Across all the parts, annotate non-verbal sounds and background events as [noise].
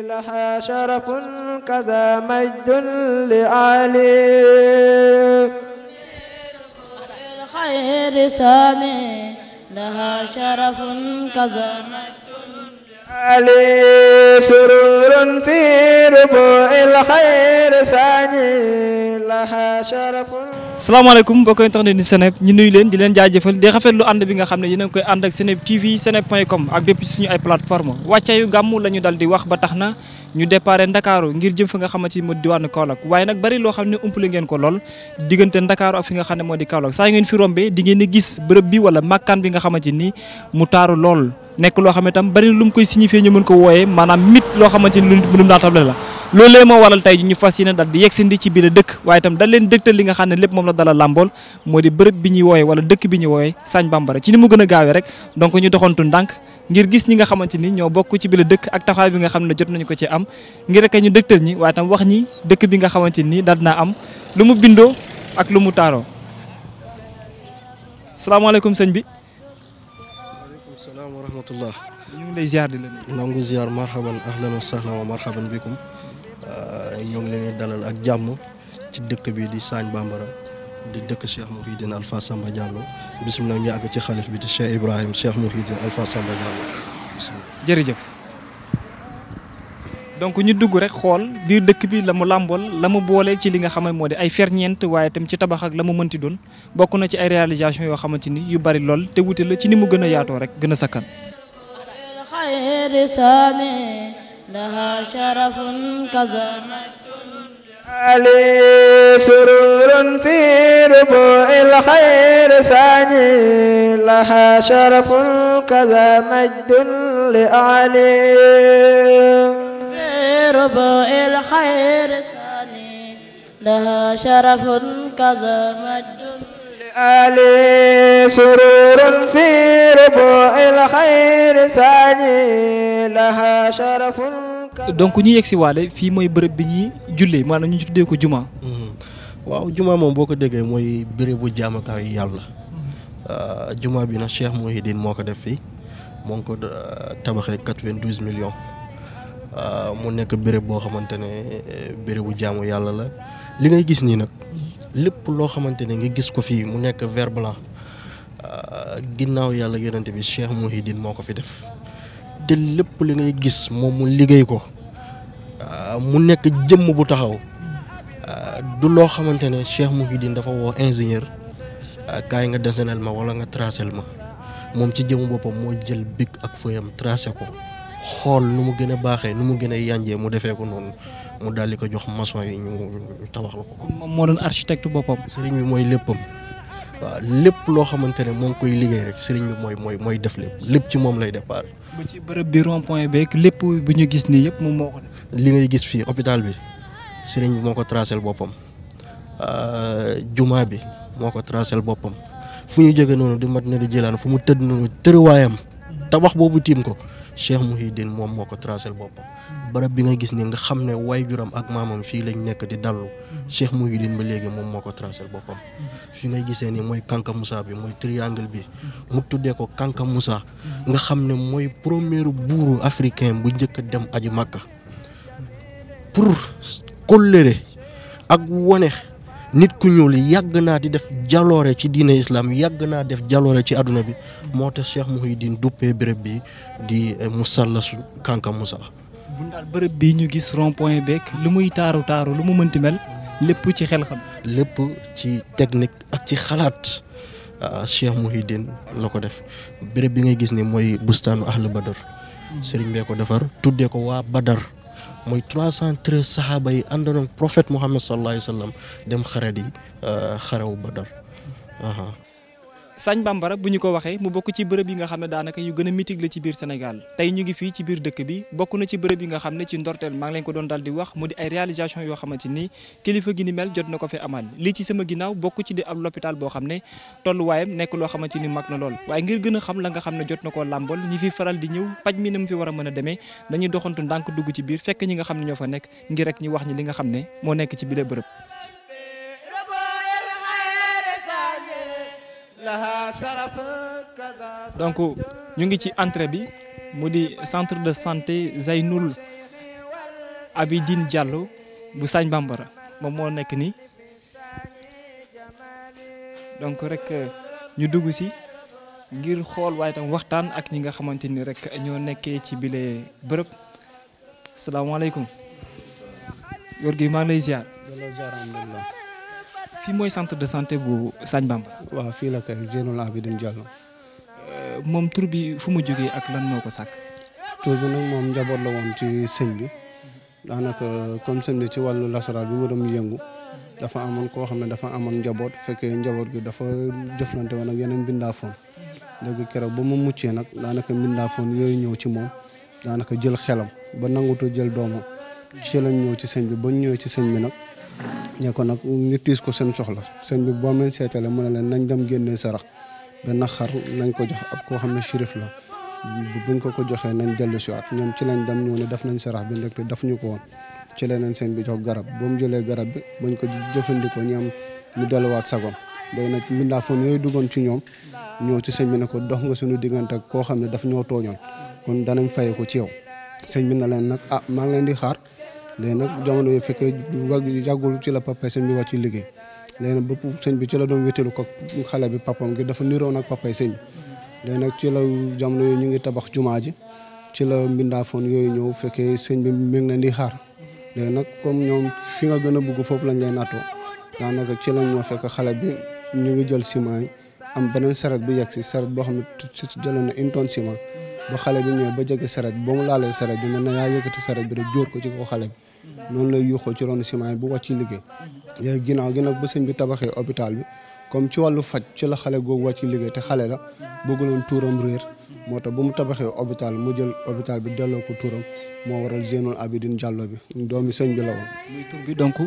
لها شرف كذا مجد لعلي الخير ساني لها شرف كذا مجد لعلي سرور في ربوع الخير ساني لها شرف salaamaaleykum mbokk internet ni Seneweb ñu nuyu leen di leen jaajëfal di rafetlu ànd bi nga xam ne yéen a ngi koy ànd ak Seneweb TV seneweb.com ak bépp suñu ay plateforme wàccaayu gàmmu la ñu dal di wax ba tax na ñu déparé Ndakaaru ngir jëm fa nga xamante ni moo di diwaanu Kaolack waaye nag bari loo xam ne umpale ngeen ko lool diggante Ndakaaru ak fi nga xam ne moo di Kaolack saa ngeen fi rombee gis bërëb bi wala màkkaan bi nga xamante ni mu taaru lool nekk loo xam ne tam bari lu mu koy signifié ko wooyee maanaam mit loo xamante ni lu nit mënum naatable la loolee moo waral tey ji ñu fas yéene dal di yegsindi ci biir dëkk waaye itam dal leen ne lépp moom la dala làmbool moo di bërëb bi ñuy wooyee wala dëkk bi ñuy wooyee Sagne Bambara ci ni mu gën a gaawee rek donc ñu doxantu ndànk ngir gis ñi nga xamante ni ñoo bokk ci bi la dëkk ak taxawaay bi nga xam ne jot nañu ko ci am ngir rek ñu dëgtal ñi waaye tam wax ñi dëkk bi nga xamante ni daal naa am lu mu bindoo ak lu mu taaroo. salaamaaleykum sëñ bi. waaleykum salaam ñu ngi lay ziar di la nuyu. nangu ziar marhaban ahlan wa sahlan wa bikum ñoo ngi leen dalal ak jàmm ci dëkk bi di Sagne Bambara. di dëkk Cheikh Mouhidine Alpha Samba Diallo bisimilah ñu àgg ci xalif bi di Cheikh Ibrahim Cheikh Mouhidine Alpha Samba Diallo bisimilah. donc ñu dugg rek xool biir dëkk bi la mu làmbool la mu boole ci li nga xam moo de ay ferñeent waaye tam ci tabax ak la mu mënti doon bokk na ci ay réalisation yoo xamante ni yu bari lool te wute la ci ni mu gën a yaatoo rek gën a sakkan. لي سرور في ربوع الخير ساني لها شرف كذا مجد لأعلي في ربوع الخير ساني لها شرف كذا مجد لأعلي سرور في ربوع الخير ساني لها شرف donc ñu yegg si waale fii mooy bërëb bi ñuy jullee maanaam ñu juddee ko juma. Hmm. waaw juma moom boo ko déggee mooy bérébu jaamukaay yàlla. Ah, juma bi nag Cheikh Mouhidine moo ko def fii moo ko ah, tabaxee quatre-vingt-douze millions ah, mu nekk béréb boo xamante ne eh, bérébu jaamu yàlla la li ngay gis nii nag lépp loo xamante ne nga gis ko fii mu nekk vert blanc ginnaaw yàlla yonent bi Cheikh Mouhidine moo ko fi def. te lépp li ngay gis moom mu liggéey ko ah, mu nekk jëmm bu taxaw ah, du loo xamante ne Cheikh Mouhidine dafa woo ingénieur ah, kaay nga desenel ma wala nga tracel ma moom ci jëm boppam moo jël big ak fëyam tracé ko xool nu mu gën a baaxee nu mu gën a yanjee mu defee ko noonu mu daal di ko jox maçon yi ñu ñu tabax la ko. moom moo doon architecte boppam. sëriñ bi mooy léppam waaw lépp loo xamante ne moo ngi koy liggéey rek sëriñ bi mooy mooy mooy def lépp ci moom lay départ. ba ci bërëb bi rond point beeg lépp bu ñu gis nii yëpp moom moo ko def. li ngay gis fii hôpital bi sëriñ bi moo ko tracel boppam euh, jumaa bi moo ko tracel boppam fu ñu jóge noonu di mat na di jëlaan fu mu tëdd noonu tëriwaayam tabax boobu tiim ko. Cheikh Mouhidine moom moo ko tracé boppam barab bi nga gis ni nga xam ne waajuram ak maamam fii lañ nekk di dallu Cheikh Mouhidine ba léegi moom moo ko tracé boppam fi ngay gisee ni mooy Kanka Moussa bi mooy triangle bi mu tuddee ko Kanka Moussa nga xam ne mooy premier buuru africain bu njëkk a dem aji Makka pour kóllëre ak wone nit ku ñuul yàgg naa di def jaloore ci diine islaam yàgg naa def jaloore ci àdduna bi moo tax Cheikh Mouhidine duppee bërëb bi di eh, musallasu Kanka Moussa. bu bërëb bii ñu gis rond point beeg lu muy taaru taaru lu mu mënti mel lépp ci xel xam. lépp ci technique ak ci xalaat ah, Cheikh Mouhidine la ko def bërëb bi ngay gis ni mooy bustaanu ahlu Badar. Hmm. Serigne bee ko defar tuddee ko waa Badar. mooy trois cent treize saxaaba yi àndoon ak prophète Muhammad sallallahu alayhi wa sallam dem xare di euh, xarewu Badar Sañ Bambara bu ñu ko waxee mu bokk ci bërëb yi nga xam ne daanaka yu gën a mythique la ci biir Sénégal tey ñu ngi fii ci biir dëkk bi bokk na ci bërëb yi nga xam ne ci ndorteel maa ngi leen doon daal di wax mu di yoo xamante ni kilifa gi ni mel jot na ko fi amal lii ci ginnaaw bokk ci di ab boo xam ne tolluwaayam nekk loo xamante ni mag na lool waaye ngir gën a xam la nga xam ne jot na ko làmbool ñi fi faral di ñëw paj mi na mu fi war a mën a demee dañuy doxantu ndànk dugg ci biir fekk ñi nga xam ne ñoo fa nekk ngir rek ñi wax ñi li nga xam ne moo nekk ci bile bërëb donc ñu ngi ci entrée bi mu di centre de santé Zeynoul Abidine Diallo bu Sagne Bambara moom moo nekk nii donc rek ñu dugg si ngir xool waaye tam waxtaan ak ñi nga xamante ni rek ñoo nekkee ci bile bërëb salaamaaleykum góor gi maa ngi lay ziar. fii mooy centre de santé bu Sagne Bamba. waaw fii la kay Jeynul Abidin Diallo. moom tur bi fu mu jógee ak lan moo ko sàkk. tur bi nag moom njaboot la woon ci sëñ bi daanaka comme sëñ ci wàllu lasaraal bi mu yëngu dafa amoon koo xam ne dafa amoon njaboot fekkee njaboot gi dafa jëflante woon ak yeneen bindaafoon. léegi keroog ba mu muccee nag daanaka bindaafoon yooyu ñëw ci moom daanaka jël xelam ba nangutu jël doomam ci lañ ñëw ci sëñ bi ba ñëwee ci sëñ bi nag. ñu ko nag ñu tiis ko seen soxla seen bi boo meen seetale mu ne leen nañ dem génnee sarax benn xar nañ ko jox ab koo xam ne shérif la buñ ko ko joxee nañ dellu si ñoom ci lañ dem ñoo ne def nañ sarax bi ndekte daf ñu ko ci leneen sëñ bi jox garab ba mu jëlee garab bi bañ ko jëfandikoo ñu am ñu delluwaat sagom léegi nag mbindaafoon yooyu duggoon ci ñoom ñëw ci sëñ bi ne ko dox nga suñu diggante ak koo xam ne daf ñoo tooñoon kon danañ fay ko ci yow sëñ bi na leen nag ah maa leen di xar léegi nag jamono yi fekkee yàggul ci la papa sëñ bi wàcc ci liggéey léegi nag bépp sëñ bi ci la doon wétalu ko xale bi papam ngir dafa niroon ak papay sëñ bi nag ci la jamono yooyu ñu ngi tabax jumaa ji ci la mbindaafoon yooyu ñëw fekkee sëñ bi mi ngi leen di xaar léegi nag comme ñoom fi gën a bugg foofu lañ lay nattoo daanaka ci lañ ñoo fekk xale bi ñu ngi jël ciment yi am beneen saret bi yegg si saret boo xam ne jëlee na une tonne ciment ba xale bi ñëw ba jege saret ba mu laalee saret bi mel na yaa yëkkati saret bi rek jóor ko ci kaw xale bi noonu lay yuuxoo ci ronu ciment yi bu wàcc liggéey léegi ginnaaw gi nag ba sëñ bi tabaxee hôpital bi comme ci wàllu faj ci la xale googu wàcc liggéey te xale la bëgguloon tuuram réer moo tax ba mu tabaxee hôpital mu jël hôpital bi delloo ko tuuram moo waral Zeynoul Abidine Diallo bi doomi sëñ bi la bi donc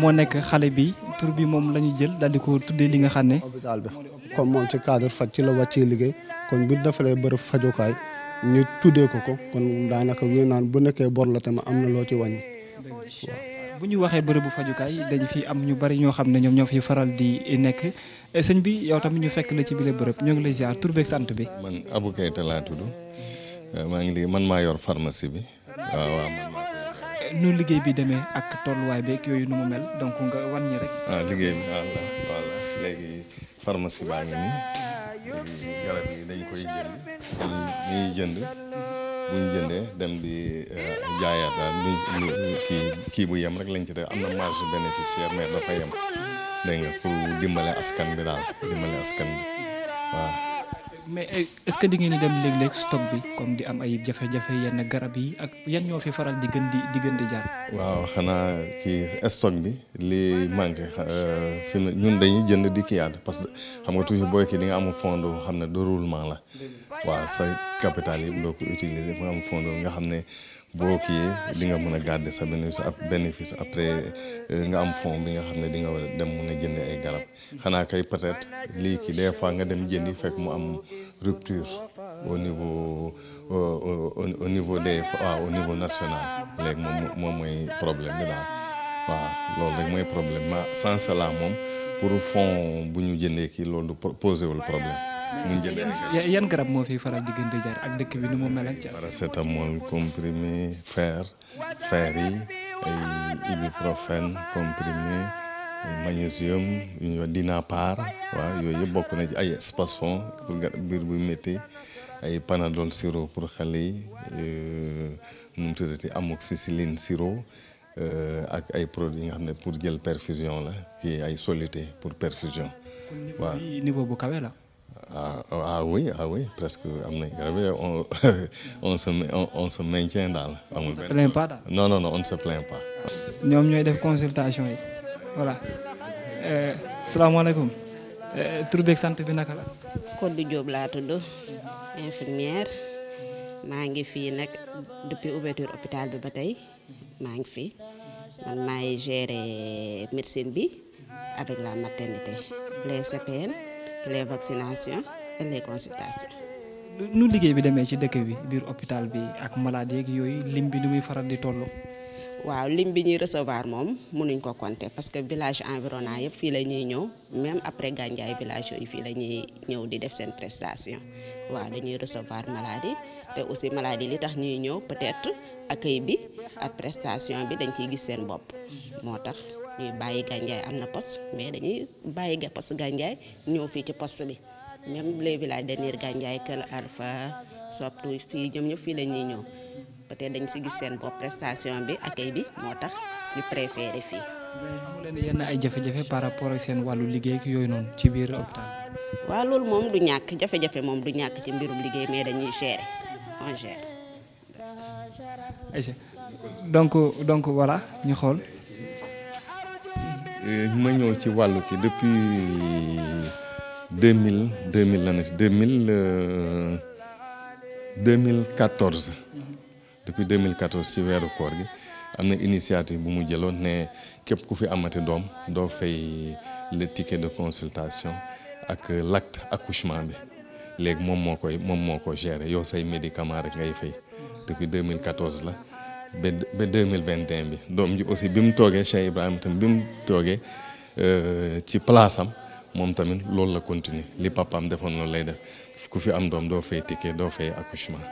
moo nekk xale bi tur bi moom la ñu jël daal di ko tuddee li nga xam ne. hôpital bi comme moom ci cadre faj ci la wàccee liggéey kon bu defalee bërëb fajukaay ñu tuddee ko ko kon daanaka wii naan bu nekkee bor la tamit am na loo ci wàññi. bu ñu waxee bërëbu fajukaay dañ fi am ñu bari ñoo xam ne ñoom ñoo fi faral di nekk sëñ bi yow tamit ñu fekk la ci biir bërëb ñoo ngi lay ziar tur beeg sant bi. man Abou Keita laa tudd euh, maa ngi lay man maa yor pharmacie bi nu liggéey bi demee ak tolluwaay beeg yooyu nu mu mel donc nga wan ñi rek. ah liggéey bi voilà voilà léegi pharmacie baa ngi nii dañ koy jënd dañuy jënd. bu jëndee dem di euh, jaayaat daal kii bu yem rek lañ ci def am na marge bénéficiaire mais dafa yem dégg nga pour dimbale askan bi daal dimbale askan bi mais eh, est-ce que di ngeen di dem léeg stock bi comme di am ay jafe yenn garab yi ak yan ñoo fi faral di di di di jaar. waaw xanaa kii stock bi li manqué euh, fi mu ñun dañuy jënd di kiyaat parce que xam nga toujours booy kii di nga am fond xam ne de roulement la. waaw sa capital yëpp doo ko utiliser mu nga xam ne boo kii di nga mën a garder sa bénéfice ab après euh, nga am fond bi nga xam ne di nga war a dem mën a jënd ay garab xanaa kay peut-être lii kii des fois nga dem jëndi fekk mu am rupture au niveau au niveau des waaw au niveau national léegi moom mooy problème bi daal waaw loolu rek mooy problème ma sans cela moom pour fond bu ñu jëndee kii loolu posé wul problème. mun jël garab moo fi faral di ak dëkk bi nu mu mel ak. paracétamol comprimé fer fer yi ay ibuprofène comprimé magnésium yu ñuy wax dinapar waaw yooyu yëpp bokk na ci ay spasfon pour biir buy métti ay panadol siro pour xale yi euh, nu mu tuddati amoxicilline sirop euh, ak ay produits yi nga xam ne pour jël perfusion la kii ay soluté pour perfusion waaw ah ah ah oui ah parce am nañ garab [laughs] on on se on, on se daal. amul benn on se pas daal. non non on ne se pas. ñoom ñooy def consultation yi voilà. Euh, salaamaaleykum. Euh, tur beeg sant bi naka la. Codé Diop laa tudd infirmière maa ngi fi nag depuis ouverture hôpital bi ba tey maa ngi fi man maay gérer médecine bi avec la maternité les CPN. les vaccinations et les consultations. nu liggéey bi demee ci dëkk bi biir hôpital bi ak malade yeeg yooyu lim bi nu muy faral di toll. waaw lim bi ñuy recevoir moom mënuñ ko compter parce que village environnant yëpp fii la ñuy ñëw même après Gandiaye village yooyu fii la ñuy ñëw di def seen prestation waaw dañuy recevoir maladie te aussi maladie li tax ñuy ñëw peut-être accueil bi ak prestation bi dañ ciy gis seen bopp moo tax. ñuy bàyyi Gandiaye am na poste mais dañuy bàyyi ga poste Gandiaye ñëw fii ci poste bi même les villages de Nir Gandiaye Kër Alpha Soptu fii ñoom ñëpp fii la ñuy ñëw peut-être dañ si gis seen bopp prestation bi accueil bi moo tax ñu préféré fii. amu leen yenn ay jafe-jafe par rapport ak seen wàllu liggéey ki yooyu noonu ci biir hôpital. waaw loolu moom du ñàkk jafe-jafe moom du ñàkk ci mbirum liggéey mais dañuy gérer on donc donc voilà ñu xool. Eh, ma ñëw ci wàllu ki depuis deux mille deux mille la ne deux mille euh, deux mille quatorze. depuis deux mille quatorze ci weeru koor gi am na initiative bu mu jëloon ne képp ku fi amati doom doo fay le ticket de consultation ak lakk accouchement bi léegi moom moo koy moom moo ko gérer yow say médicament rek ngay fay depuis deux mille quatorze la. ba deux mille vingt et un bi doom ji aussi bi mu toogee Cheikh Ibrahima tamit bi mu toogee euh, ci place moom tamit loolu la continuer li papaam defoon loolu lay def ku fi am doom doo fay ticket doo ak accouchement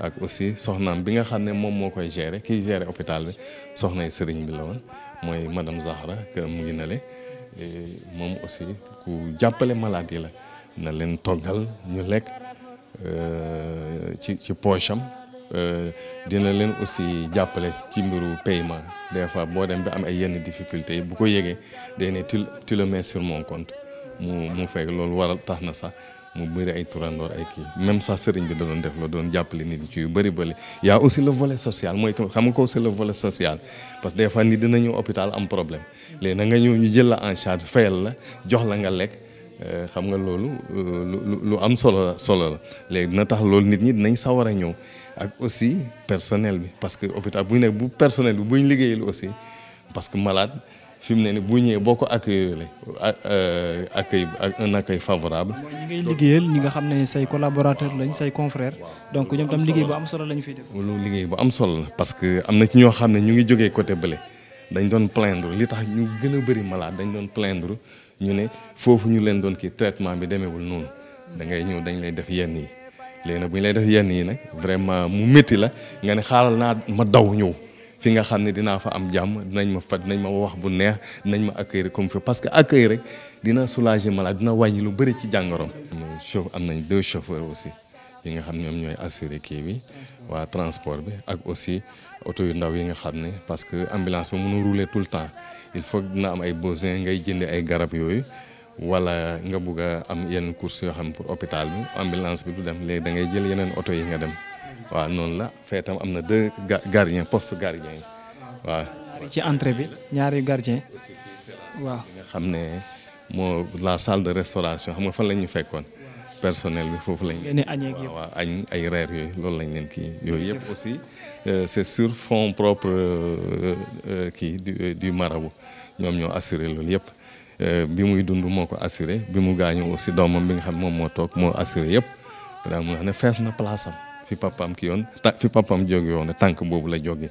ak aussi soxnaam bi nga xam ne moom moo koy gérer kiy gérer hôpital bi soxnay sëriñ bi la woon mooy madame Zahra këram mu ngi nale moom aussi ku jàppale malade yi la na leen toggal ñu lekk euh, ci ci poche Euh, dina leen aussi jàppale ci mbiru paiement des fois boo dem bi am ay yenn difficultés yi bu ko yëgee day ne tu tu le sur mon compte mu mu fekk loolu waral tax na sax mu bëri ay turandoor ay kii même sax sëriñ bi da doon def la doon jàppale nit ñi ci yu bëri bëri y a le volet social mooy xam nga ko c'est le volet social parce que des fois nit dina ñëw hôpital am problème na nga ñëw ñu jël en charge fayal la jox la nga lekk. Euh, xam nga loolu euh, lu lu am solo la solo la léegi dina tax loolu nit ñi dinañ sawar a ñëw ak aussi personnel bi parce que hôpital bu ñu nekk bu personnel bi bu ñu aussi parce que malade fi mu ne ni bu ñëwee boo ko accueillir euh, accueil ak un accueil favorable. mooy ñi ngay liggéeyal ñi nga xam ne say collaborateur lañ say confrères. donc ñoom tam liggéey bu am solo lañu fiy def. loolu liggéey bu am solo la parce que am na ci ñoo xam ne ñu ngi jógee côté bële dañ doon plaindre li tax ñu gën a bëri malade dañ doon plaindre ñu ne foofu ñu leen doon kii traitement bi demeewul noonu da ngay ñëw dañ lay def yenn yi. léegi nag bu ñu lay def yenn yi nag vraiment mu métti la nga ne xaaral naa ma daw ñëw fi nga xam ne dinaa fa am jàmm dinañ ma fat dinañ ma wax bu neex dinañ ma accueillir comme fi parce que accueil rek dina soulager malade dina wàññi lu bëri ci jàngoroom. chauff am nañ deux chauffeurs aussi yi nga xam ñoom ñooy assurer kii bi waa transport bi ak aussi oto yu ndaw yi nga xam ne parce que ambulance bi nu rouler tout le temps il faut dina am ay besoin ngay jënd ay garab yooyu. wala nga bugg am yenn course yoo xam ne pour hôpital bi ambulance bi du dem léegi dangay jël yeneen oto yi nga dem waaw noonu la fee am na deux gardien poste gardien yi waaw. ci bi ñaari gardien waaw nga xam ne moo la salle de xam nga fan la ñu fekkoon personnel bi foofu lañ waaw añ ay reer yooyu loolu lañ leen ki yooyu yëpp aussi euh, c'est sur fonds propre euh, euh, kii du marabout ñoom ñoo assuré loolu yëpp Euh, bi muy dundu moo ko assuré bi mu gaañoo aussi doomam bi nga xam moom moo toog moo assuré yëpp daa mun a xam ne fees na place am fi papaam ki yoon ta fi papaam jóge woon tànk boobu la jóge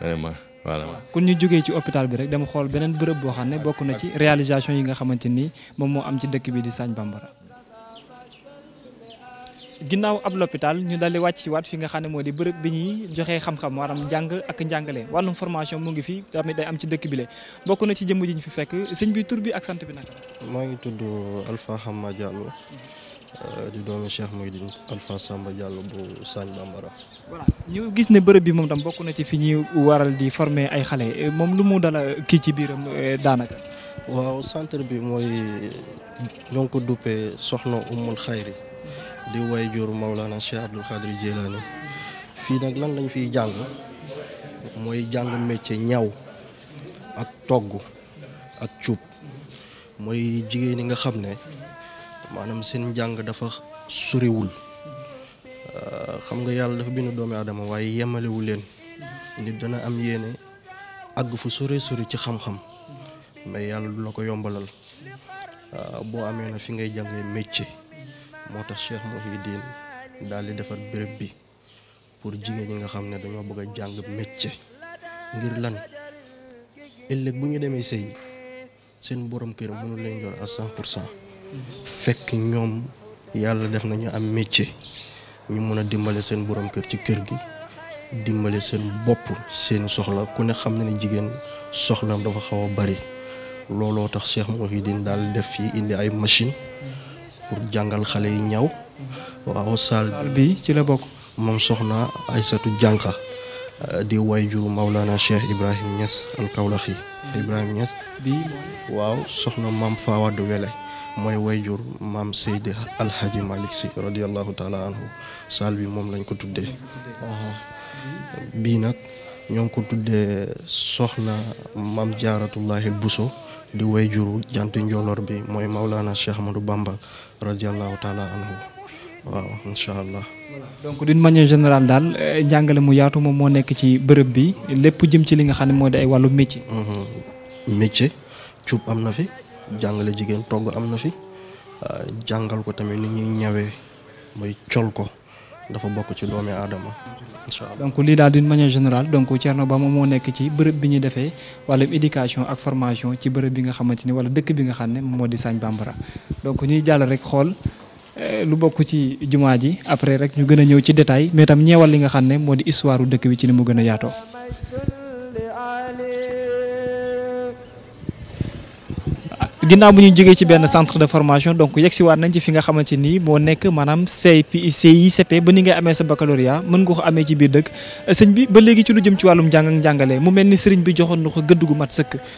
vraiment voilà. kon ñu jógee ci hôpital bi rek dama xool beneen bërëb boo xam ne bokk na ci réalisation yi nga xamante ni moom moo am ci dëkk bi di Sagne Bambara. ginnaaw ab l'hôpital ñu daal di wàcc si waat fi nga xam ne moo di bërëb bi ñuy joxe xam-xam maanaam jàng ak njàngale wàllum formation mu ngi fi tamit day am ci dëkk bi la bokk na ci jëmm ji ñu fi fekk sëñ bi tur bi ak sant bi naka maa ngi tudd Alpha Hama Diallo euh, di doomi Cheikh Mouhidine Alpha Samba Diallo bu Sagne Bambara. voilà gis ne bërëb bi moom tam bokk na ci fi ñuy waral di former ay xale euh, moom lu mu dala kii ci biiram euh, daanaka. waaw centre bi mooy ñoo ngi ko duppee Soxna Umul Xayri di way jur Maulana Cheikh Abdoul Khadir Jilani fii nag lan lañu fiy jàng mooy jàng métier ñaw ak togg ak cuub mooy jigéen ñi nga xam ne maanaam seen jàng dafa soriwul euh, xam nga yàlla dafa bind doomi aadama waaye yemalewu leen nit dana am yéene àgg fu sore sori ci xam-xam mais yàlla du la ko yombalal euh, boo amee na fi ngay jàngee métier. moo tax Cheikh Mouhidine daal di defar béréb bi pour jigéen ñi nga xam ne dañoo bëgg a jàng métier ngir lan ëllëg bu ñu demee sëy seen borom kër mënu leen yor à cent pour cent fekk ñoom yàlla def nañu am métier ñu mën a dimbale seen borom kër ci kër gi dimbale seen bopp seen soxla ku ne xam na ne jigéen soxla dafa xaw a bari looloo tax seex Cheikh Mouhidine daal def fii indi ay machine pour jàngal xale yi ñaw waaw saal bi ci la bokk moom soxna Aysatu Jànqa euh, di wayjuru Mawlana Cheikh Ibrahim Niass al Kawlaxi Ibrahim Niass bi waaw soxna maam Fawad Wele mooy wayjur maam Seydi Alhaji Malick Sy radiallahu taala anhu saal bi moom lañ ko tuddee bii nag ñoo ngi ko tuddee soxna maam Jaaratullahi Buso di way juru jant njooloor bi mooy Maulana Cheikh Ahmadou bambal radiallahu taala anhu waaw incha allah. donc din manière général daal eh, njàngale mu yaatu moom moo nekk ci bërëb bi lépp jëm ci li nga xam ne moo di ay wàllu métier. Mm-hmm. métier cuub am na fi jàngale jigéen togg am na fi jàngal ko tamit ni ñuy ñawee mooy col ko dafa bokk ci doome aadama. donc lii daal d'une manière générale donc Thierno Ba moom moo nekk ci bërëb bi ñu defee wàllum éducation ak formation ci bërëb bi nga xamante ni wala dëkk bi nga xam ne moo di Sagne Bambara donc ñuy jàll rek xool eh, lu bokk ci jumaa ji après rek ñu gën a ñëw ci détail mais tam ñeewal li nga xam ne moo di histoire dëkk bi ci ni mu gën a ginnaaw bu ñu jógee ci benn centre de formation donc yegg si waat nañ ci fi nga xamante ni moo nekk maanaam CIP CICP ba ni ngay amee sa baccalauréat mën nga ko amee ci biir dëkk sëñ bi ba léegi ci lu jëm ci wàllum njàng ak njàngale mu mel ni sëriñ bi joxoon na ko gëdd gu mat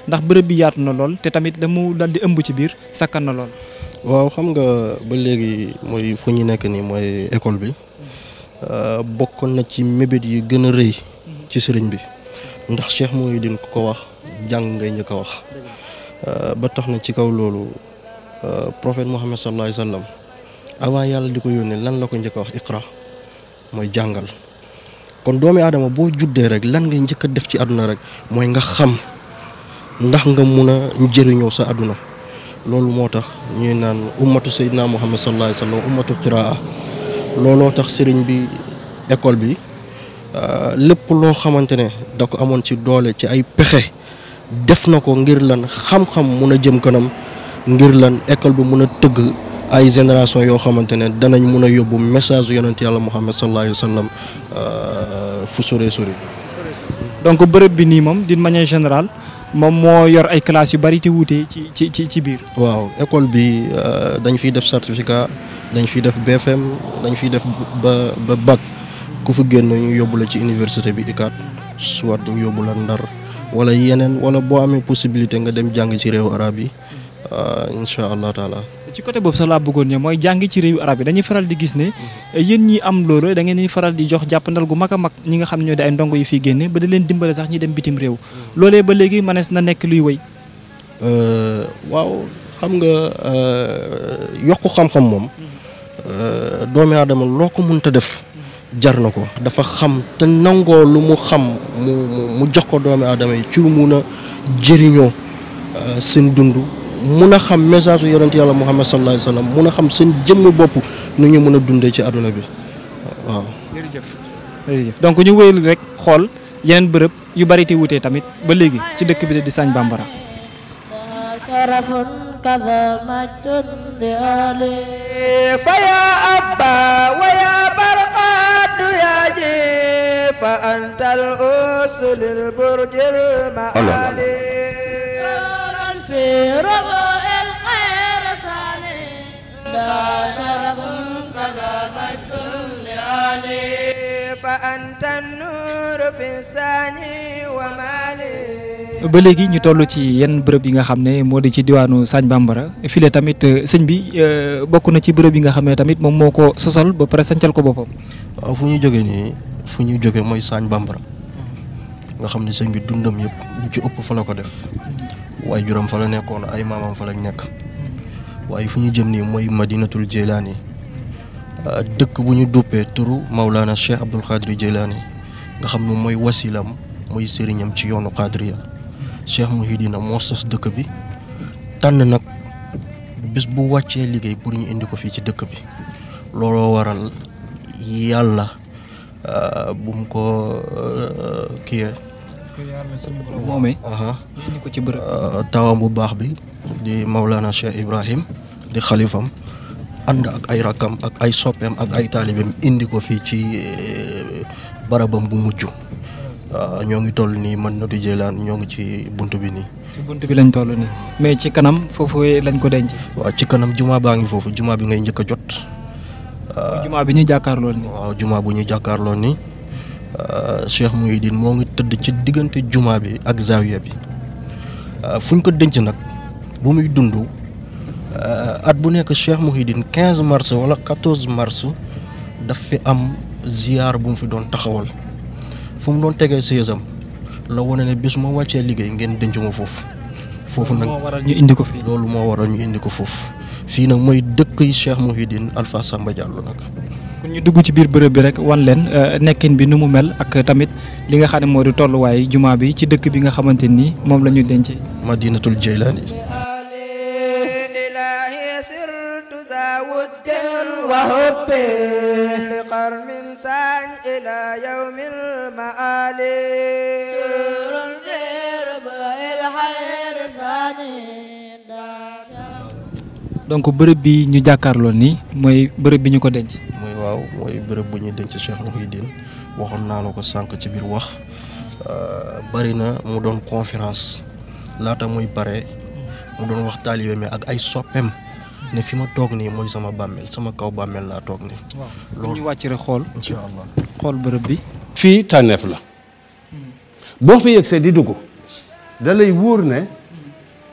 ndax bërëb bi yaatu na lool te tamit damu dal di ëmb ci biir sakkan na lool. xam nga ba léegi mooy fu ñu nekk nii mooy école bi euh, bokkoon na ci mébét yi gën a rëy ci sëriñ bi ndax Cheikh Mouhidine ku ko wax jàng ngay ñu ko wax. ba tax na ci kaw loolu euh, prophète Muhammad sallallahu alayhi wa sallam avant yàlla di ko yónnee lan la ko njëkk a wax iqra mooy jàngal kon doomi aadama boo juddee rek lan ngay njëkk a def ci àdduna rek mooy nga xam ndax nga mun a jëriñoo sa àdduna loolu moo tax ñuy naan ummatu sayyidina Muhammad sallallahu alayhi wa sallam ummatu qiraa looloo tax sëriñ bi école bi euh, lépp loo xamante ne da ko amoon ci doole ci ay pexe def na ko ngir lan xam-xam mun a jëm kanam ngir lan école bi mun a tëgg ay génération yoo xamante ne danañ mun a yóbbu message yonent yàlla Muhammad sallallahu alayhi wa sallam euh, fu sore sore donc bërëb bi nii moom d'une manière générale moom moo yor ay classes yu bari te wuute ci ci ci ci biir. waaw école bi euh, dañ fiy def certificat dañ fiy def BFM dañ fiy def ba ba bac ku fi génn ñu yóbbu la ci université bi ICAT soit ñu yóbbu la Ndar. wala yeneen wala boo amee possibilité nga dem jàng ci réewu arab yi euh, incha allah taala. ci côté boobu sax laa bëggoon ñëw mooy jàng ci réewu arab yi dañuy faral di gis ne mhm. yéen ñi am loolu dangeen ngeen faral di jox jàppandal gu mag a mag ñi nga xam ñoo di ay ndongo yi fiy génne ba di leen dimbale sax ñi dem bitim réew mhm. loolee ba léegi mënees na nekk luy wéy. Euh, waaw xam nga euh, yokku xam-xam moom mhm. doomi aadama loo ko mënta def. jar na ko dafa xam te nangoo lu mu xam mu mu jox ko doomi aadama yi ci mun a jëriñoo euh, seen dund mun a xam message yu yonent yàlla Muhammad sallallahu alayhi wa mun a xam seen jëmm bopp nu ñu mën a dundee ci àdduna bi waaw. jërëjëf jërëjëf donc ñu wéyal rek xool yeneen bërëb yu bari te wuute tamit ba léegi ci dëkk bi de di Sagne Bambara. فأنت الأس للبرج المعالي نور في ربع الخير صالح لا شرف كذا ba léegi ñu toll ci yenn bërëb yi nga xam ne moo di ci diwaanu Sagne Bambara fii tamit euh, sëñ bi euh, bokk na ci bërëb yi nga xam ne tamit moom moo ko sosal ba pare sancal ko boppam. waaw fu ñu jógee nii fu ñu jógee mooy Sagne Bambara nga xam ne sëñ bi dundam yëpp lu ci ëpp fala ko def waaye juróom fa la nekkoon ay maamam fa nekk waaye fu ñu jëm nii mooy Madinatul Jeylaani dëkk bu ñu duppee turu Maulana Cheikh Abdoul Khadri Jilani nga xam ne mooy wasilam mooy sëriñam ci yoonu Khadriya Cheikh Mouhidina moo sos dëkk bi tànn nag bis bu wàccee liggéey pour ñu indi ko fii ci dëkk bi looloo waral yàlla euh, bu mu ko euh, kiyee euh, tawam bu baax bi di Maulana Cheikh Ibrahim di xalifam ànd ak ay rakkam ak ay soppeem ak ay taalibeem indi ko fii ci eh, barabam bu mujj ah, ñoo ngi toll nii man natu jëlaan ñoo ngi ci bunt bi nii. bunt bi lañ toll nii mais ci kanam foofu lañ ko denc. waaw ci kanam jumaa baa ngi foofu jumaa bi ngay njëkk a jot. Ah, jumaa bi ñuy jàkkaarloo nii. waaw jumaa bu ñuy jàkkaarloo nii ah, Cheikh Mouhidine moo ngi tëdd ci diggante jumaa bi ak zawiya bi fuñ ko denc nag bu muy dund. Euh, at bu nekk Cheikh Mouhidine 15 mars wala 14 mars daf fi am ziar bu mu fi doon taxawal fu mu doon tegee séesam la wane ne bis ma wàccee liggéey ngeen denc ma foofu. foofu nag moo waral ñu indi ko fi loolu moo waral ñu indi ko foofu. fii nag mooy dëkk yi Cheikh Mouhidine Alpha Samba nag. kon ñu dugg ci biir bërëb bi rek wan leen euh, nekkin bi nu mu mel ak tamit li nga xam ne moo di tolluwaay jumaa bi ci dëkk bi nga xamante nii moom la ñu dencee. Madinatul Jeylaani وهب bërëb bi ñu jàkkaarloo nii mooy bërëb bi ñu ko denc. mooy waaw mooy bërëb bu ñuy denc Cheikh Mouhidine waxoon naa la ko sànq ci biir wax euh, bari na mu doon conférence laata muy pare mu doon wax taalibe mi ak ay soppeem. ne fi ma toog nii mooy sama bàmmeel sama kaw bàmmeel laa toog nii. loolu ñu wàcc rek xool. incha allah xool bërëb bi. fii tànneef la. boo fi yegsee di dugg. da wóor ne.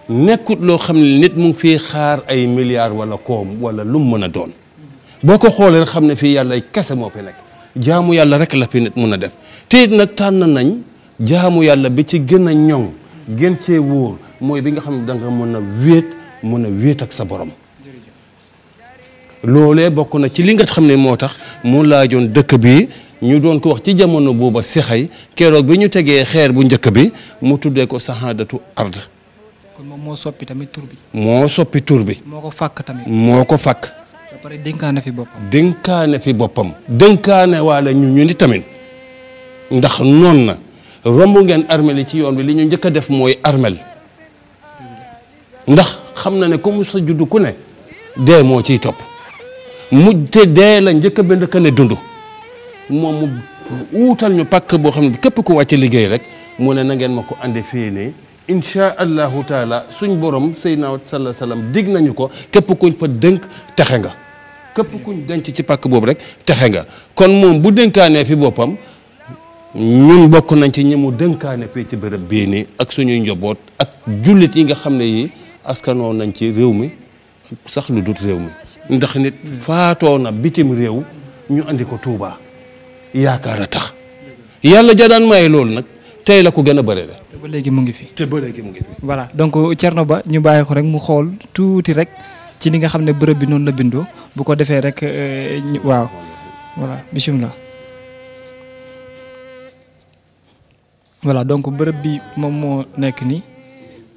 nekkut loo xam ne nit mu fi xaar ay milliards wala koom wala lu mu mën a doon. boo ko xoolee xam ne fii yàlla ay kese moo fi nekk. jaamu yàlla rek la fi nit mun a def te nag tànn nañ jaamu yàlla bi ci gën a ñoŋ. gën cee wóor mooy bi nga xam ne da mën a wéet mën a wéet ak sa boroom loole bokk na ci li nga xam ne moo tax laa joon dëkk bi ñu doon ko wax ci jamono booba si xay keroog bi ñu tegee xeer bu njëkk bi mu tuddee ko saxaadatu ard kon moom moo soppi tamit moo soppi tur bi. moo ko fàkk tamit. moo ko fàkk. ba pare dénkaane fi boppam. dénkaane fi boppam. dénkaane waale ñu ñu ni tamit ndax noon na romb ngeen armel yi ci yoon bi li ñu njëkk a def mooy armel ndax xam na ne comme sa juddu ku ne dee moo ciy topp. mujjte dee la njëkk a bind ka ne dund moom mu uutal ñu pàkk boo xam ne képp ku wàcc liggéey rek mu ne na ngeen ma ko ande fii ne incha allahu taala suñ borom sayyidina sala sallam dig nañu ko képp kuñ fa dënk texe nga képp kuñ denc ci pàkk boobu rek texe nga kon moom bu dénkaanee fi boppam ñu bokk nañ ci ñi mu dénkaane fii ci bërëb bii nii ak suñuy njoboot ak jullit yi nga xam ne yi askanoo nañ ci réew mi sax lu dut réew mi ndax nit faatoo na bitim réew ñu andi ko Touba yaakaar a tax yàlla ja daan maye loolu nag tey la ko gën a bëri la. léegi mu ngi fi. te ba léegi mu ngi voilà donc Thierno Ba ñu bàyyi ko rek mu xool tuuti rek ci li nga xam ne bërëb bi noonu la bindoo bu ko defee rek euh, waaw voilà bisimilah. voilà donc bërëb bi moom moo nekk nii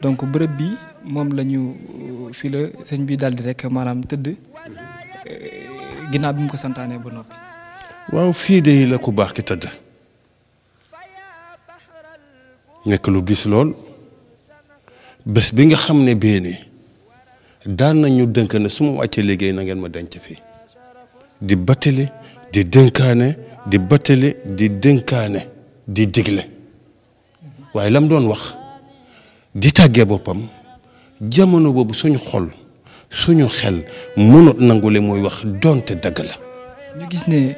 donc bërëb bi moom la ñu euh, fi la sëñ bi daal di rek maanaam tëdd. Eh, ginnaaw bi ko santaanee ba noppi. waaw fii de la ku baax ki tëdd nekk lu diis lool bés bi nga xam ne bii nii daan nañu dënk ne su ma wàccee na ngeen ma denc fi di battali di dënkaane di battali di dënkaane di digle waaye lam doon wax di tàggee boppam jamono boobu suñu xol. suñu xel mënut nangule muy wax donte dëgg la. ñu gis ne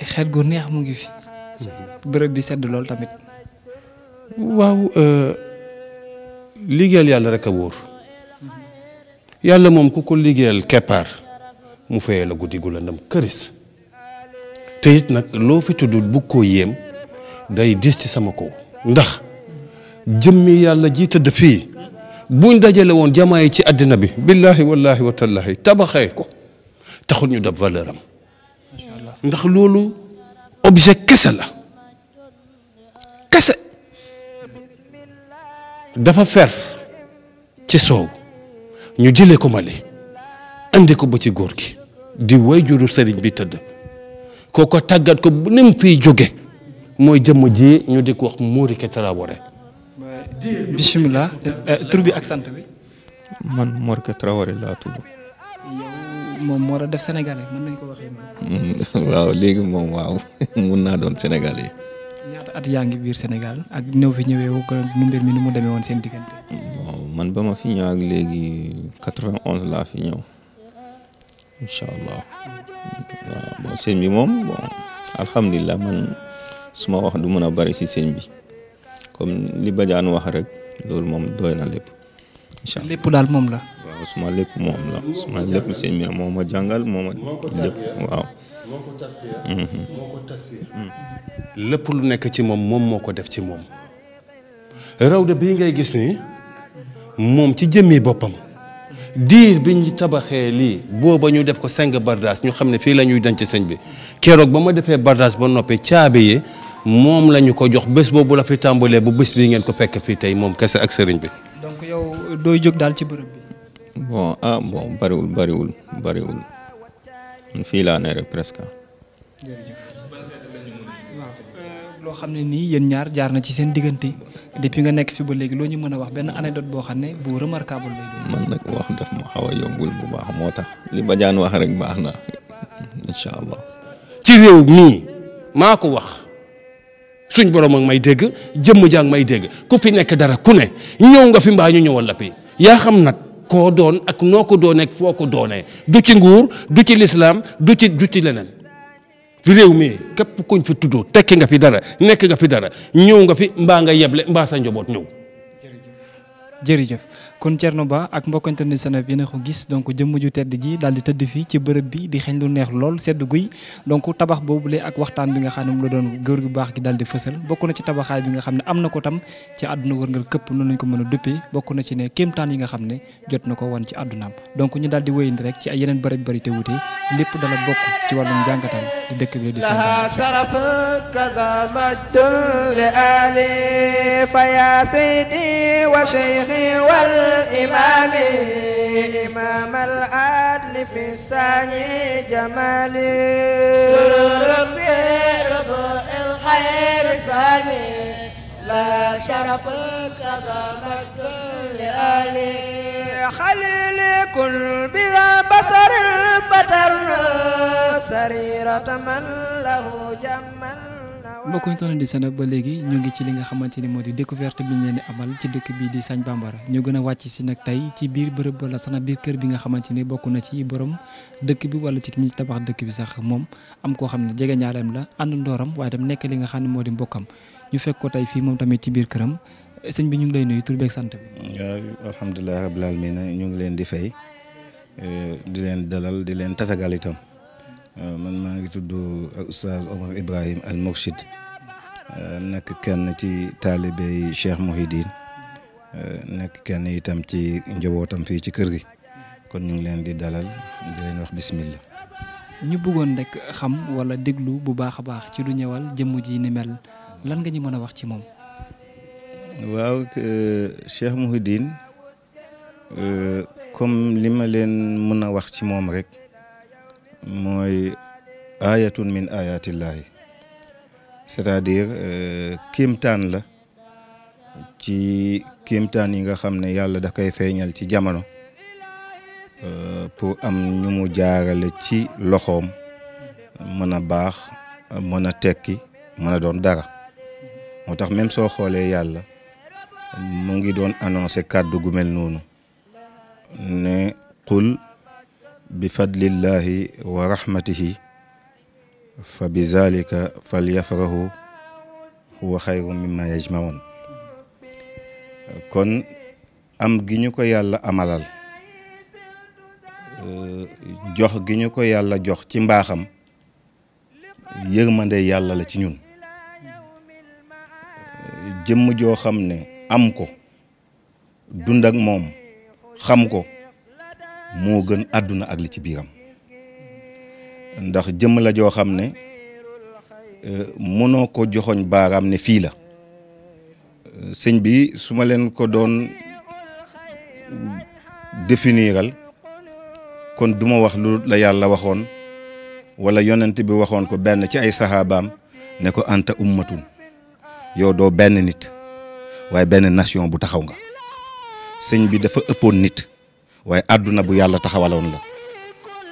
xel gu neex mu ngi fi. Mhm. bërëb bi sedd loolu tamit. waaw euh, liggéeyal yàlla rek a wóor. yàlla moom ku ko liggéeyal keppaar mu fayee la guddi gu lëndëm këris te it nag loo fi tudd bu ko yéem day dis ci sama kaw ndax jëmmi yàlla jii tëdd fii buñ dajale woon jamaa yi ci àddina bi billahi wallahi wa tallahi tabaxee ko taxul ñu dab valeur am ndax loolu objet kese la kese dafa fer ci soow ñu jëlee ko Mali andi ko ba ci góor gi di wayjuru sëriñ bi tëdd kooko tàggat ko bu nem fiy jóge mooy jëmm ji ñu di ko wax Modické Traoré bisimilah euh, euh, tur bi ak sant bi. man Morka Traoré laa tudd. moom moo la def sénégalais mën nañ ko waxee. [laughs] waaw léegi moom waaw [laughs] mun naa doon sénégalais. ñaata at yaa ngi biir Sénégal ak ñëw fi ñëwee wu ko nu mbir mi nu mu demee woon seen diggante. man ba ma fi ñëw ak léegi laa fi ñëw incha allah waaw bi moom bon alhamdulilah man suma wax du mën a bari si seen bi. comme li Badiane wax rek loolu moom doy na lépp. lépp daal moom la. waaw suma lépp moom la suma lépp moo ma jàngal moo ma lépp waaw. Mhm. Mm. lépp lu nekk ci moom moom moo ko def ci moom. rawda bii ngay gis ni moom ci jëmmi boppam. diir bi ñu tabaxee lii booba ñu def ko cinq bardaas ñu xam ne fii la ñuy denc sëñ bi keroog ba ma defee bardaas ba noppee caabi yi moom la ñu ko jox bés boobu la fi tàmbalee bu bés bii ngeen ko fekk fii tey moom kese ak sëriñ bi. donc yow dooy jóg daal ci bërëb bi. bon ah bon bariwul bariwul bariwul fii laa ne rek presque. Euh, loo xam ne nii yéen ñaar jaar na ci seen diggante depuis nga nekk fi ba léegi loo ñu mën a wax benn ane anecdote boo xam ne bu remarquable lay doon. man nag wax daf ma xaw a bu baax moo tax li Badiane wax rek baax na incha allah. ci réew mii maa ko wax. suñ borom ak may dégg jëmm jàng may dégg ku fi nekk dara ku ne ñëw nga fi mbaa ñu ñëwal la fi yaa xam nag koo doon ak noo ko doonee foo ko doonee du ci nguur du ci lislaam du ci du ci leneen réew mi képp kuñ fi tuddoo tekki nga fi dara nekk nga fi dara ñëw nga fi mbaa nga yeble mbaa sa njaboot ñëw kon Thierno Ba ak mbokk internet Seneweb yéen a ko gis donc jëmm ju tedd ji daal di tëdd fii ci bërëb bi di xeeñ lu neex lool sedd guy donc tabax boobule ak waxtaan bi nga xam ne mu la doon góor gu baax gi daal di fësal bokk na ci tabaxaay bi nga ne am na ko tam ci àdduna wërngal këpp noonu lañ ko mën a duppee bokk na ci ne kéemtaan yi nga xam ne jot na ko wan ci àddunaam donc ñu daal di wéyandi rek ci ay yeneen bërëb bëri te wute lépp dala bokk ci wàllum jàngataan di dëkk bi di saraf الإمام إمام العدل في الثاني جمالي سرور بربع الخير ثاني لا شرفك ضمت لآلي خليل كل بذا بصر الفتر سريرة من له جمال mbokk ñu toon di seen ba léegi ñu ngi ci li nga xamante ni moo di découverte bi ñu leen amal ci dëkk bi di sañ Bambara ñoo gën a wàcc si nag tey ci biir bërëb wala sax biir kër bi nga xamante ni bokk na ci borom dëkk bi wala ci ñi tabax dëkk bi sax moom am koo xam ne jege ñaarem la ànd ndooram waaye tam nekk li nga xam ne moo di mbokkam ñu fekk ko tey fii moom tamit ci biir këram sëñ bi ñu ngi lay nuyu tur beeg sant bi. alhamdulilah rabbil alamin ñu ngi leen di fay eh, di leen dalal di leen tatagal itam Euh, man maa ngi tudd euh, Oustaz Omar Ibrahim Al Mourchid euh, nekk kenn ci taalibey Cheikh Mouhidine nekk kenn itam ci njawootam fii ci kër gi kon ñu ngi leen di dalal di leen wax bismillah. ñu buggoon rek xam wala déglu bu baax a baax ci lu ñëwal jëmm ji ni mel lan nga ñu mën a wax ci moom. waaw Cheikh Mouhidine comme li ma leen mën a wax ci moom rek. mooy ayatun min ayatillahi c'est-à-dire euh, kiimtaan la ci kiimtaan yi nga xam ne yàlla da koy feeñal ci jamono euh, pour am ñu mu jaarale ci loxoom mën a baax mën a tekki mën a doon dara moo tax même soo xoolee yàlla mu ngi doon annoncé kàddu gu mel noonu ne qul bi fadlillahi wa rahmatihi fa bi zalika falyafrahu huwa xayru mimma yajmaun kon am gi ñu ko yàlla amalal euh, jox gi ñu ko yàlla jox ci mbaaxam yërmande yàlla la ci ñun euh, jëmm joo ne am ko dund moom xam ko moo gën àdduna ak li ci biiram ndax jëmm la joo xam ne euh, mënoo ko joxoñ baaraam ne fii la euh, sëñ bi suma leen ko doon définiral kon duma wax lu la yàlla waxoon wala yonent bi waxoon ko benn ci ay saxaabaam ne ko anta ummatun yow doo benn nit waaye benn nation bu taxaw nga sëñ bi dafa ëppoon nit waaye àdduna bu yàlla taxawaloon la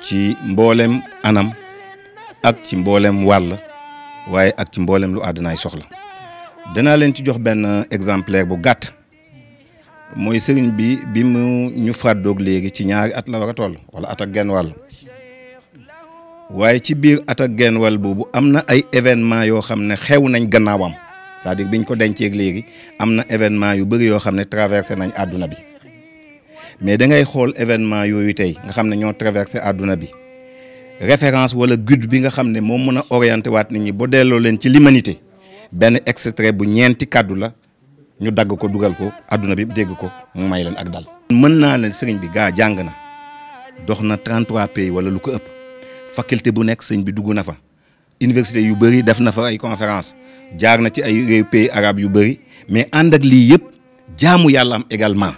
ci mboolem anam ak ci mboolem wàll waaye ak ci mboolem lu àddinaay soxla danaa leen ci jox benn exemplaire bu gàtt mooy sëriñ bi bi mu ñu doog léegi ci ñaar at la war a wala at ak genn wàll waaye ci biir at ak genn wàll boobu am na ay événement yoo xam ne xew nañ gannaawam saa à biñ ko denceeg léegi am na événement yu bëri yoo xam ne traversé nañ àdduna bi mais da ngay xool événement yooyu tey nga xam ne ñoo traversé àdduna bi référence wala guide bi nga xam ne moom mën a orienté waat nit ñi ba delloo leen ci limanité benn extrait bu ñeenti kàddu la ñu dagg ko dugal ko àdduna bi dégg ko mu may leen ak dal. mën naa leen sëriñ bi gaa jàng na dox na 33 pays wala lu ko ëpp faculté bu nekk sëñ bi dugg na fa. université yu bëri def na fa ay conférence jaar na ci ay réew pays arabe yu bëri mais ànd ak lii yëpp jaamu yàlla am également.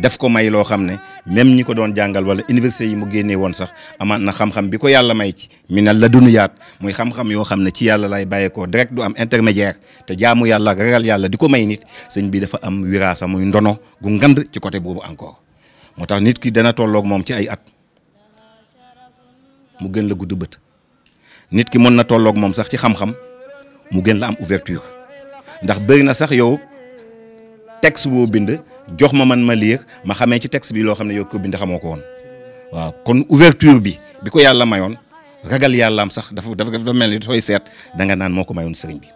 def ko may loo xam ne même ñi ko doon jàngal wala université yi mu génnee woon sax amaat na xam-xam bi ko yàlla may ci minal la dunu yaat muy xam-xam yoo xam ne ci yàlla lay bàyyeekoo direct du am intermédiaire te jaamu yàlla ragal yàlla di ko may nit sëñ bi dafa am wiraasa muy ndono gu ngand ci côté boobu encore moo tax nit ki dana tolloog moom ci ay at mu gën la gudd bët nit ki mën na tolloog moom sax ci xam-xam mu gën la am ouverture ndax bëri na sax yow texte boo bind jox ma man ma lire ma xamee ci texte bi loo xam ne yow ko bind xamoo ko won waaw kon ouverture bi bi ko yàlla mayoon ragal yàllaam sax dafa dafa dafa mel ni sooy seet da nga naan moo ko mayoon sëriñ bi.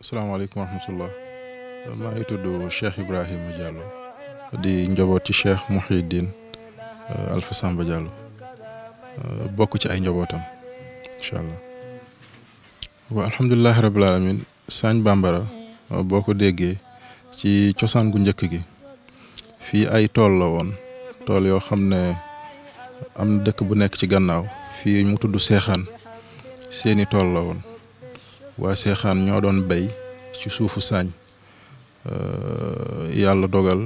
asalaamaaleykum wa rahmatullah maa ngi tudd Cheikh Ibrahima Diallo di njaboot ci Cheikh Mouhidine euh, Alpha Samba Diallo euh, bokk ci ay njabootam incha allah waaw alhamdulilah rabil aalamiin Bambara boo ko déggee. ci cosaan gu njëkk gi fii ay tool la woon tool yoo xam ne am dëkk bu nekk ci gannaaw fii mu tudd seexaan seeni tool la woon waa seexaan ñoo doon bay ci suufu saañ yàlla dogal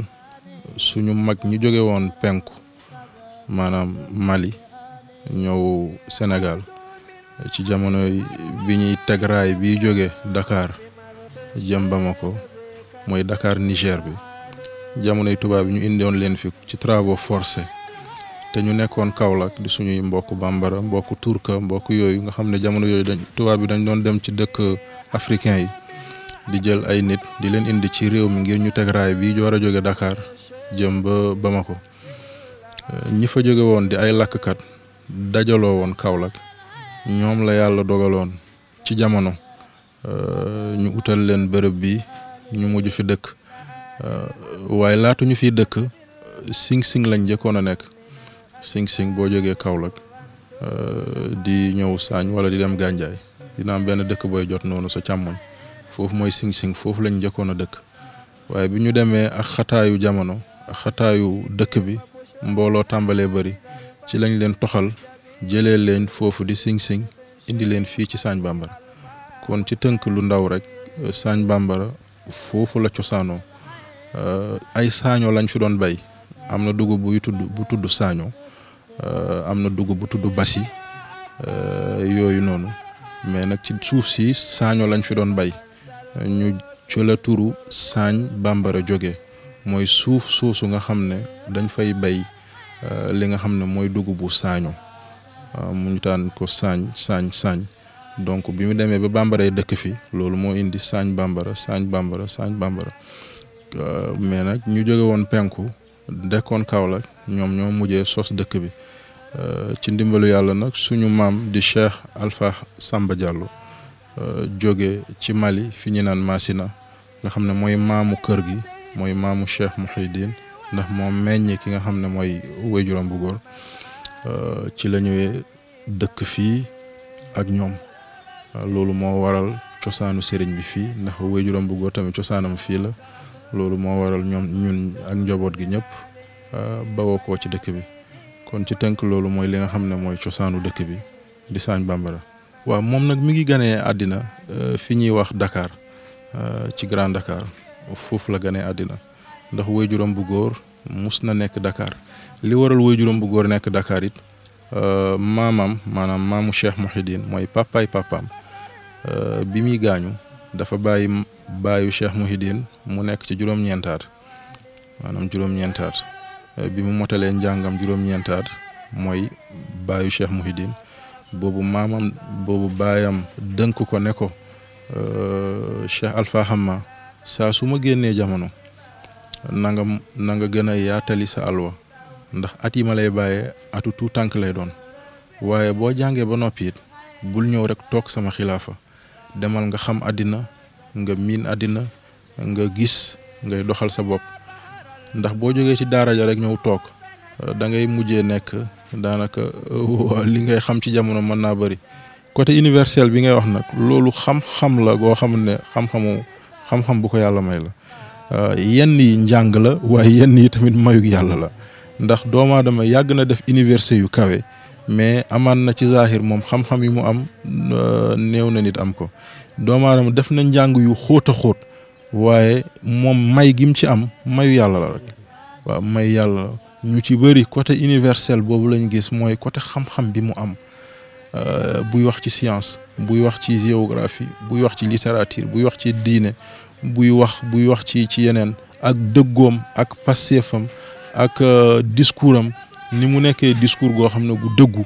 suñu mag ñu jóge woon penku maanaam Mali ñëw senegal ci jamono bi ñuy tegraay bi jóge dakaar jëm ko mooy dakaar Niger bi jamonoy tubaab yi ñu indiwoon leen fi ci travaux forcé te ñu nekkoon Kaolack di suñuy mbokk bambara mbokk turka mbokk yooyu nga xam ne jamono yooyu dañ tubaab bi dañ doon dem ci dëkk africain yi di jël ay nit di leen indi ci réew mi ngir ñu teg raay bi war a jóge dakaar jëm ba Bamako ñi fa jóge woon di ay lakkkat dajaloo woon Kaolack ñoom la yàlla dogaloon ci jamono ñu utal leen bërëb bi ñu mujj fi dëkk euh, waaye laata ñu fiy dëkk Sing Sing lañ njëkkoon a nekk Sing Sing boo jógee Kaolack euh, di ñëw saañ wala di dem Gànjaay dina am benn dëkk booy jot noonu sa càmmoñ foofu mooy Sing Sing foofu lañ njëkkoon a dëkk waaye bi ñu demee ak xataayu jamono ak xataayu dëkk bi mbooloo tàmbalee bari ci lañ leen toxal jëlee leen foofu di Sing Sing indi leen fii ci Sagne Bambara kon ci tënk lu ndaw rek Sagne Bambara foofu la cosaanoo euh, ay saañoo lañ fi doon bay am na dugub buy tudd bu tudd saaño euh, am na dugub bu tudd basi euh, yooyu noonu mais nag ci suuf si saaño lañ fi doon bay ñu ci turu saañ bambara jóge mooy suuf soosu nga xam ne dañ fay bay li nga xam ne mooy dugubu saaño mu ñu taan ko saañ saañ saañ donc bi mu demee ba bambara dëkk fii loolu moo indi saañ bambara saañ bambara saañ bambara euh, mais nag ñu jóge woon penku dekkoon Kaolack ñoom ñoo mujjee sos dëkk bi euh, ci ndimbalu yàlla nag suñu maam di Cheikh Alpha Samba Diallo euh, jóge ci Mali fi ñu naan Massina nga xam ne mooy maamu kër gi mooy maamu Cheikh Mouhidine ndax moom meññ ki nga xam ne mooy waajuram bu góor ci la ñuy dëkk fii ak ñoom. loolu moo waral cosaanu sëriñ bi fii ndax waajuram bu góor tamit cosaanam fii la loolu moo waral ñoom ñun ak njaboot gi ñëpp ah, bawoo koo ci dëkk bi kon ci tënk loolu mooy li nga xam ne mooy cosaanu dëkk bi di Sagne Bambara. waaw moom nag mi ngi ganee àddina eh, fi ñuy wax Dakar eh, ci Grand Dakar foofu la ganee àddina ndax waajuram bu góor mus na nekk dakaar li waral waajuram bu góor nekk dakaarit it eh, maamam maanaam maamu Cheikh Mouhidine mooy papaay papaam. Euh, bi mu gaañu dafa bàyyi baayu Cheikh Mouhidine mu nekk ci juróom-ñeentaat maanaam juróom-ñeentaat euh, bi mu motalee njàngam juróom-ñeentaat mooy baayu Cheikh Mouhidine boobu maamam boobu baayam dënk ko ne ko euh, Cheikh Alpha Hamma saa su ma génnee jamono nanga nga na nga gën a yaatali sa alwa ndax at yi ma lay bàyyee atu tuut tànk lay doon waaye boo jàngee ba noppit bul ñëw rek toog sama xilaafa demal nga xam àddina nga miin àddina nga gis ngay doxal sa bopp ndax boo jógee ci daara ja rek ñëw toog euh, da ngay mujjee nekk daanaka euh, [laughs] li ngay xam ci jamono mën naa bëri côté universel bi ngay wax nag loolu xam-xam la goo xam ne xam-xamu xam-xam bu ko yàlla may la euh, yenn yi njàng la waaye yenn yi tamit mayug yàlla la ndax doomu aadama yàgg na def université yu kawe mais amaan na ci zahir moom xam-xam yi mu am euh, néew na nit am ko doomu def na njàng yu xóot a xóot waaye moom may gim ci am may yàlla la rek may yàlla ñu ci bëri côté universel boobu lañ gis mooy côté xam-xam bi mu am euh, buy wax ci science buy wax ci géographie buy wax ci littérature buy wax ci diine buy wax buy wax ci ci yeneen ak dëggoom ak passeefam ak euh, discours am ni mu nekkee discours goo xam ne gu dëggu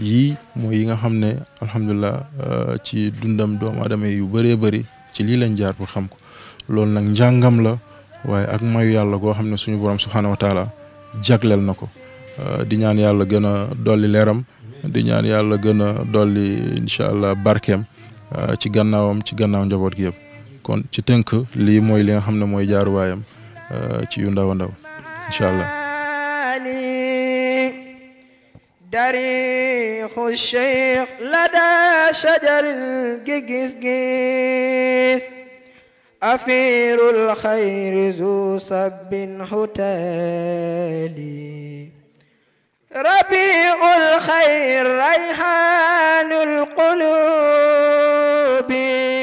yii mooy yi nga xam ne alhamdulilah euh, ci dundam doomu aadama yu bëree bëri ci lii lañ jaar pour xam ko loolu nag njàngam la waaye ak mayu yàlla goo xam ne suñu borom subhaanahu wa taala jagleel na ko euh, di ñaan yàlla gën a dolli leeram di ñaan yàlla gën a dolli incha allah barkeem euh, ci gannaawam ci gannaaw njaboot gi yëpp kon ci tënk lii mooy li nga xam ne mooy jaaruwaayam ci yu ndaw ndaw incha allah. darixu cheikh la daa shajaril gi gis-gis afiirul xayri zu sabbin hutaali rabiul xayr rayhaanul quluubi